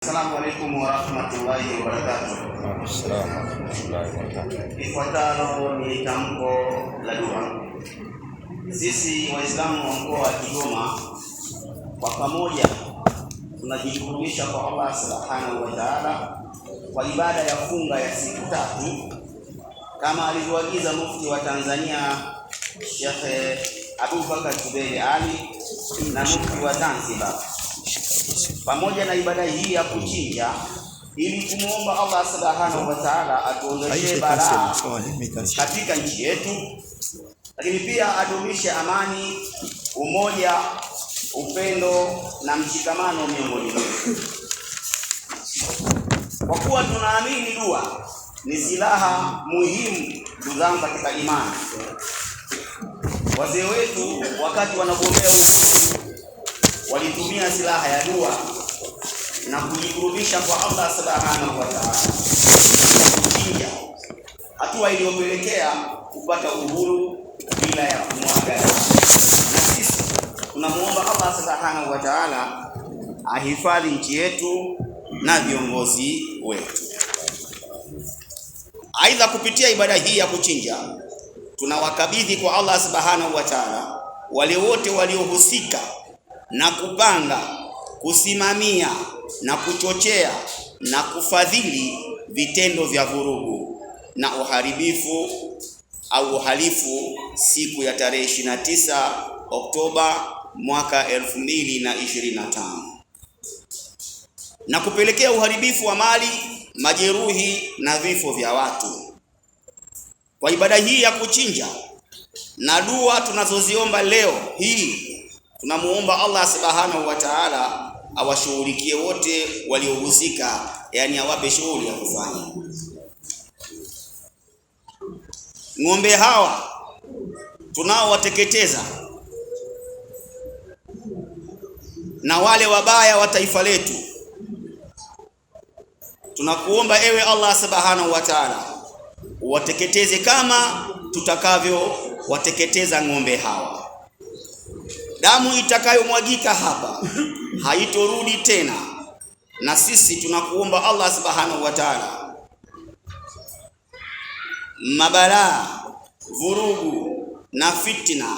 Assalamu alaikum warahmatullahi wabarakatuh. Ifuatalo ni tamko la dua. Sisi Waislamu wa mkoa wa Kigoma kwa pamoja tunajikurubisha kwa Allah subhanahu wa taala kwa ibada ya funga ya siku tatu kama alivyoagiza mufti wa Tanzania Sheikh Abubakar Zuberi Ali na mufti wa Zanzibar pamoja na ibada hii ya kuchinja ili kumwomba Allah subhanahu wa ta'ala atuondoshe balaa katika nchi yetu, lakini pia adumishe amani, umoja, upendo na mshikamano miongoni mwetu, kwa kuwa tunaamini dua ni silaha muhimu, ndugu zangu katika imani. Wazee wetu wakati wanagombea walitumia silaha ya dua na kujikurubisha kwa Allah subhanahu wa ta'ala. hatua iliyopelekea kupata uhuru bila ya kumwaga na sisi tunamuomba Allah subhanahu wa ta'ala ahifadhi nchi yetu na viongozi wetu. Aidha, kupitia ibada hii ya kuchinja tunawakabidhi kwa Allah subhanahu wa ta'ala wale wote waliohusika na kupanga, kusimamia na kuchochea na kufadhili vitendo vya vurugu na uharibifu au uhalifu siku ya tarehe 29 Oktoba mwaka 2025 na kupelekea uharibifu wa mali, majeruhi na vifo vya watu. Kwa ibada hii ya kuchinja na dua tunazoziomba leo hii Tunamuomba Allah subhanahu wa ta'ala awashughulikie wote waliohusika, yani awape shughuli ya kufanya. Ng'ombe hawa tunaowateketeza na wale wabaya wa taifa letu, tunakuomba ewe Allah subhanahu wa ta'ala uwateketeze kama tutakavyowateketeza ng'ombe hawa damu itakayomwagika hapa haitorudi tena, na sisi tunakuomba Allah subhanahu wa ta'ala, mabalaa, vurugu na fitna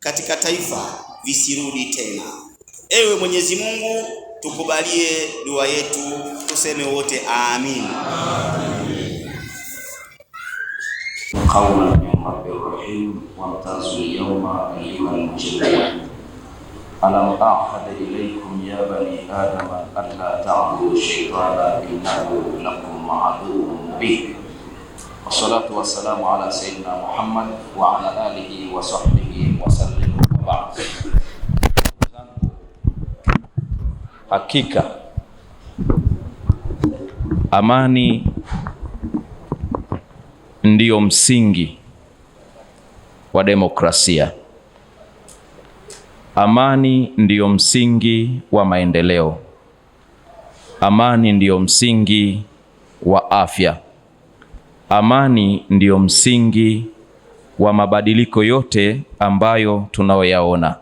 katika taifa visirudi tena. Ewe Mwenyezi Mungu, tukubalie dua yetu, tuseme wote amin. Qawlan rahim yawma ألم أعهد إليكم يا بني آدم ألا تعبدوا الشيطان إنه لكم عدو مبين والصلاة والسلام على سيدنا محمد وعلى آله وصحبه وسلم وبعد Hakika amani ndiyo msingi wa demokrasia. Amani ndiyo msingi wa maendeleo. Amani ndiyo msingi wa afya. Amani ndiyo msingi wa mabadiliko yote ambayo tunayoyaona.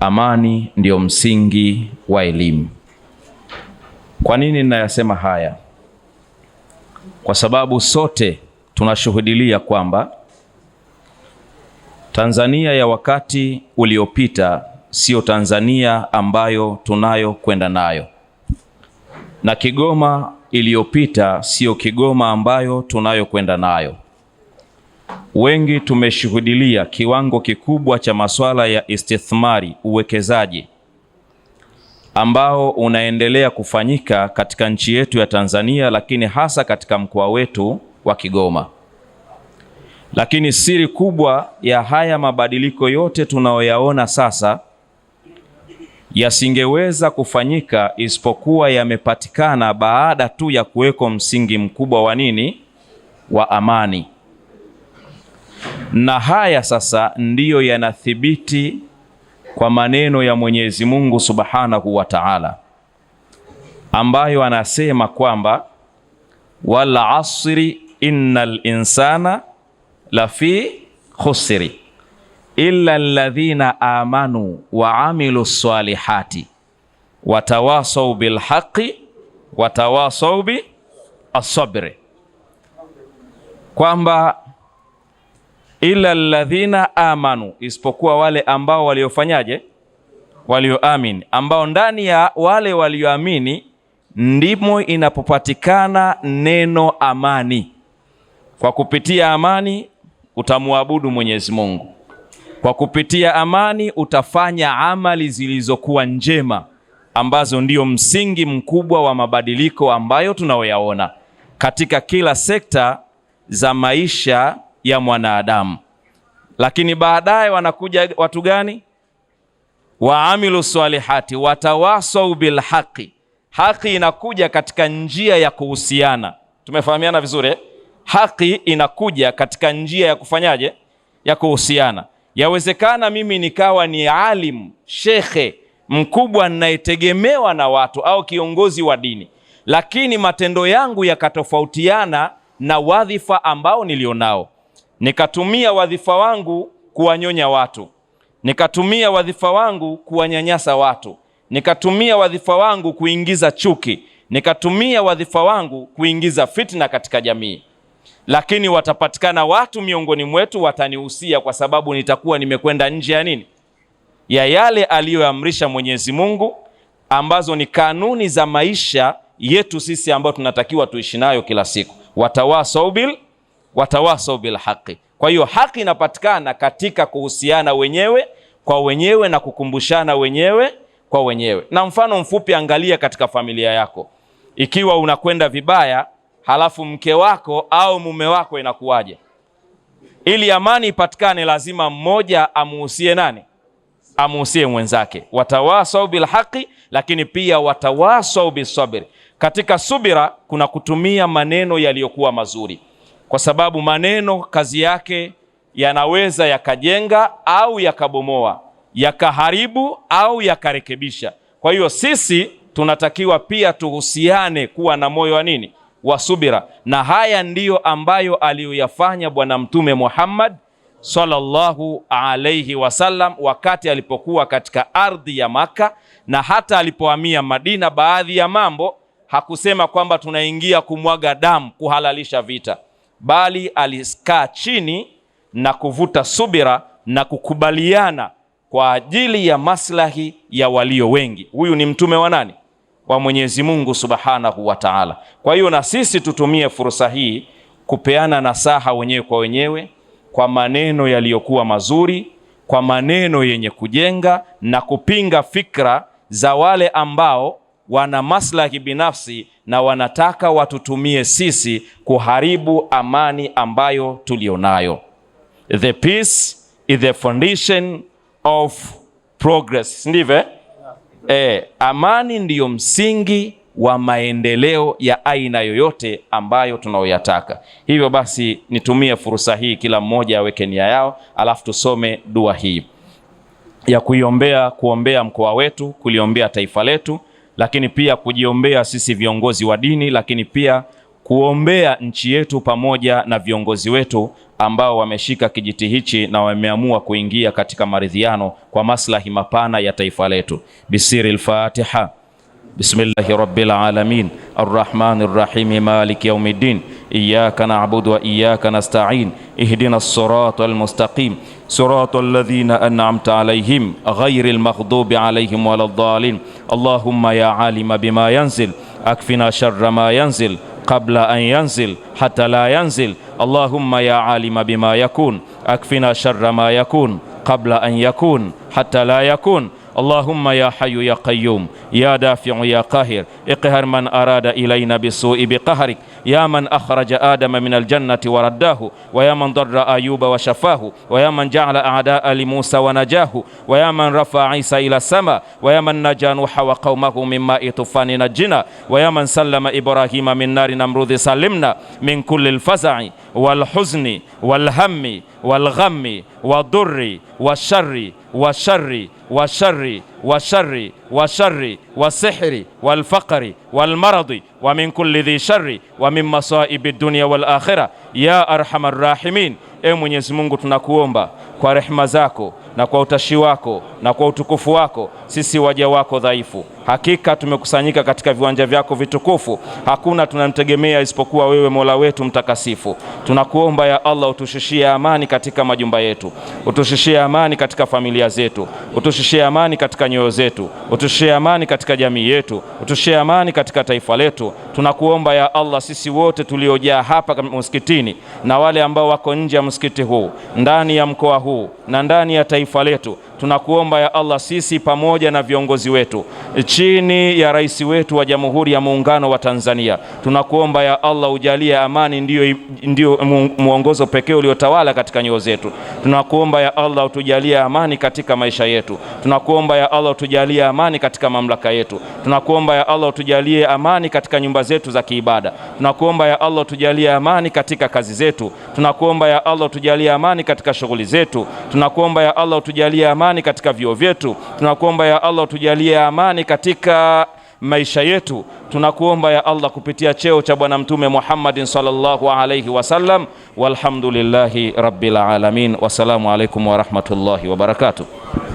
Amani ndiyo msingi wa elimu. Kwa nini ninayasema haya? Kwa sababu sote tunashuhudilia kwamba Tanzania ya wakati uliopita siyo Tanzania ambayo tunayokwenda nayo, na Kigoma iliyopita siyo Kigoma ambayo tunayokwenda nayo. Wengi tumeshuhudilia kiwango kikubwa cha masuala ya istithmari, uwekezaji ambao unaendelea kufanyika katika nchi yetu ya Tanzania, lakini hasa katika mkoa wetu wa Kigoma. Lakini siri kubwa ya haya mabadiliko yote tunayoyaona sasa yasingeweza kufanyika isipokuwa yamepatikana baada tu ya kuweko msingi mkubwa wa nini? Wa amani. Na haya sasa ndiyo yanathibiti kwa maneno ya Mwenyezi Mungu Subhanahu wa Ta'ala, ambayo anasema kwamba wal asri innal insana la fi khusri illa alladhina amanu wa amilu salihati watawasau bilhaqi watawasau bi asabri, kwamba illa alladhina amanu, isipokuwa wale ambao waliofanyaje, walioamini, ambao ndani ya wale walioamini ndimo inapopatikana neno amani. Kwa kupitia amani utamwabudu Mwenyezi Mungu kwa kupitia amani, utafanya amali zilizokuwa njema ambazo ndiyo msingi mkubwa wa mabadiliko ambayo tunayoyaona katika kila sekta za maisha ya mwanadamu. Lakini baadaye wanakuja watu gani? Waamilu salihati watawasau bilhaqi. Haki inakuja katika njia ya kuhusiana. Tumefahamiana vizuri eh? haki inakuja katika njia ya kufanyaje, ya kuhusiana. Yawezekana mimi nikawa ni alim, shekhe mkubwa ninayetegemewa na watu au kiongozi wa dini, lakini matendo yangu yakatofautiana na wadhifa ambao nilionao. Nikatumia wadhifa wangu kuwanyonya watu, nikatumia wadhifa wangu kuwanyanyasa watu, nikatumia wadhifa wangu kuingiza chuki, nikatumia wadhifa wangu kuingiza fitna katika jamii lakini watapatikana watu miongoni mwetu watanihusia, kwa sababu nitakuwa nimekwenda nje ya nini, ya yale aliyoamrisha Mwenyezi Mungu, ambazo ni kanuni za maisha yetu sisi ambayo tunatakiwa tuishi nayo kila siku. watawasau bil watawasau bil haqi. Kwa hiyo haki inapatikana katika kuhusiana wenyewe kwa wenyewe na kukumbushana wenyewe kwa wenyewe. Na mfano mfupi, angalia katika familia yako, ikiwa unakwenda vibaya halafu mke wako au mume wako inakuwaje? Ili amani ipatikane, lazima mmoja amuhusie nani? Amuhusie mwenzake. Watawasau bilhaqi, lakini pia watawasau bisabri. Katika subira kuna kutumia maneno yaliyokuwa mazuri, kwa sababu maneno kazi yake yanaweza yakajenga au yakabomoa, yakaharibu au yakarekebisha. Kwa hiyo sisi tunatakiwa pia tuhusiane kuwa na moyo wa nini? wa subira, na haya ndiyo ambayo aliyoyafanya Bwana Mtume Muhammad sallallahu alayhi wasallam wakati alipokuwa katika ardhi ya Maka na hata alipohamia Madina. Baadhi ya mambo hakusema kwamba tunaingia kumwaga damu, kuhalalisha vita, bali alikaa chini na kuvuta subira na kukubaliana kwa ajili ya maslahi ya walio wengi. Huyu ni mtume wa nani? wa Mwenyezi Mungu Subhanahu wa Ta'ala. Kwa hiyo na sisi tutumie fursa hii kupeana nasaha wenyewe kwa wenyewe kwa maneno yaliyokuwa mazuri, kwa maneno yenye kujenga na kupinga fikra za wale ambao wana maslahi binafsi na wanataka watutumie sisi kuharibu amani ambayo tulionayo. The peace is the foundation of progress, ndivyo? Eh? E, amani ndiyo msingi wa maendeleo ya aina yoyote ambayo tunayoyataka. Hivyo basi nitumie fursa hii, kila mmoja aweke nia yao, alafu tusome dua hii ya kuiombea, kuombea mkoa wetu, kuliombea taifa letu, lakini pia kujiombea sisi viongozi wa dini, lakini pia kuombea nchi yetu pamoja na viongozi wetu ambao wameshika kijiti hichi na wameamua kuingia katika maridhiano kwa maslahi mapana ya taifa letu. Bisiri al-Fatiha. Bismillahi rabbil alamin arrahmani rrahimi maliki yaumiddin iyyaka na'budu wa iyyaka nasta'in ihdina as-sirata al-mustaqim sirata alladhina an'amta alayhim ghayril maghdubi alayhim waladhdallin allahumma ya alima bima yanzil akfina sharra ma yanzil قبل أن ينزل حتى لا ينزل اللهم يا عالم بما يكون أكفنا شر ما يكون قبل أن يكون حتى لا يكون اللهم يا حي يا قيوم يا دافع يا قاهر اقهر من أراد إلينا بالسوء بقهرك يا من أخرج آدم من الجنة ورداه ويا من ضر أيوب وشفاه ويا من جعل أعداء لموسى ونجاه ويا من رفع عيسى إلى السماء ويا من نجا نوح وقومه من ماء طوفان نجنا ويا من سلم إبراهيم من نار نمرود سلمنا من كل الفزع والحزن والهم والغم والضر والشر والشر والشر والشر والشر والسحر والفقر والمرض ومن كل ذي شر ومن مصائب الدنيا والآخرة ya arhamar rahimin. E Mwenyezi Mungu, tunakuomba kwa rehema zako na kwa utashi wako na kwa utukufu wako, sisi waja wako dhaifu, hakika tumekusanyika katika viwanja vyako vitukufu. Hakuna tunamtegemea isipokuwa wewe, Mola wetu mtakasifu. Tunakuomba ya Allah, utushishie amani katika majumba yetu, utushishie amani katika familia zetu, utushishie amani katika nyoyo zetu, utushishie amani katika jamii yetu, utushishie amani katika taifa letu. Tunakuomba ya Allah, sisi wote tuliojaa hapa msikitini waumini na wale ambao wako nje ya msikiti huu, ndani ya mkoa huu na ndani ya taifa letu Tunakuomba ya Allah, sisi pamoja na viongozi wetu chini ya rais wetu wa Jamhuri ya Muungano wa Tanzania, tunakuomba ya Allah ujalie amani ndiyo, ndio mwongozo pekee uliotawala katika nyoyo zetu. Tunakuomba ya Allah utujalie amani katika maisha yetu. Tunakuomba ya Allah utujalie amani katika mamlaka yetu. Tunakuomba ya Allah utujalie amani katika nyumba zetu za kiibada. Tunakuomba ya Allah utujalie amani katika kazi zetu. Tunakuomba ya Allah utujalie amani katika shughuli zetu. Tunakuomba ya Allah utujalie amani amani katika vio vyetu. Tunakuomba ya Allah utujalie amani katika maisha yetu. Tunakuomba ya Allah kupitia cheo cha Bwana Mtume Muhammadin sallallahu alayhi wasallam. Walhamdulillahi rabbil alamin. Wassalamu alaykum wa rahmatullahi wa barakatuh.